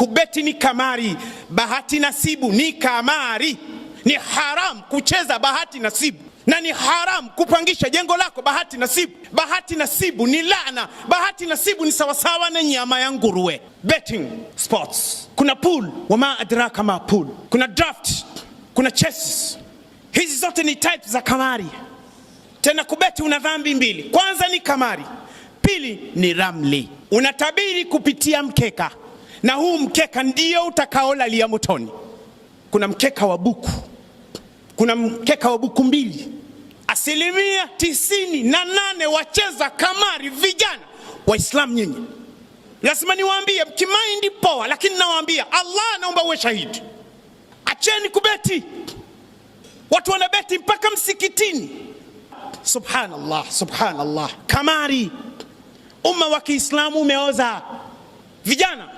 kubeti ni kamari, bahati nasibu ni kamari. Ni haram kucheza bahati nasibu na ni haram kupangisha jengo lako bahati nasibu. Bahati nasibu ni laana. Bahati nasibu ni sawasawa na nyama ya nguruwe. Betting sports, kuna pool, wama adraka ma pool, kuna draft, kuna chess. Hizi zote ni type za kamari. Tena kubeti, una dhambi mbili. Kwanza ni kamari, pili ni ramli. Unatabiri kupitia mkeka na huu mkeka ndio utakaolalia motoni. Kuna mkeka wa buku, kuna mkeka wa buku mbili. Asilimia tisini na nane wacheza kamari vijana Waislamu nyinyi, lazima niwaambie, mkimaindi poa, lakini nawaambia, Allah naomba uwe shahidi, acheni kubeti. Watu wanabeti mpaka msikitini. Subhanallah, subhanallah, kamari. Umma wa Kiislamu umeoza vijana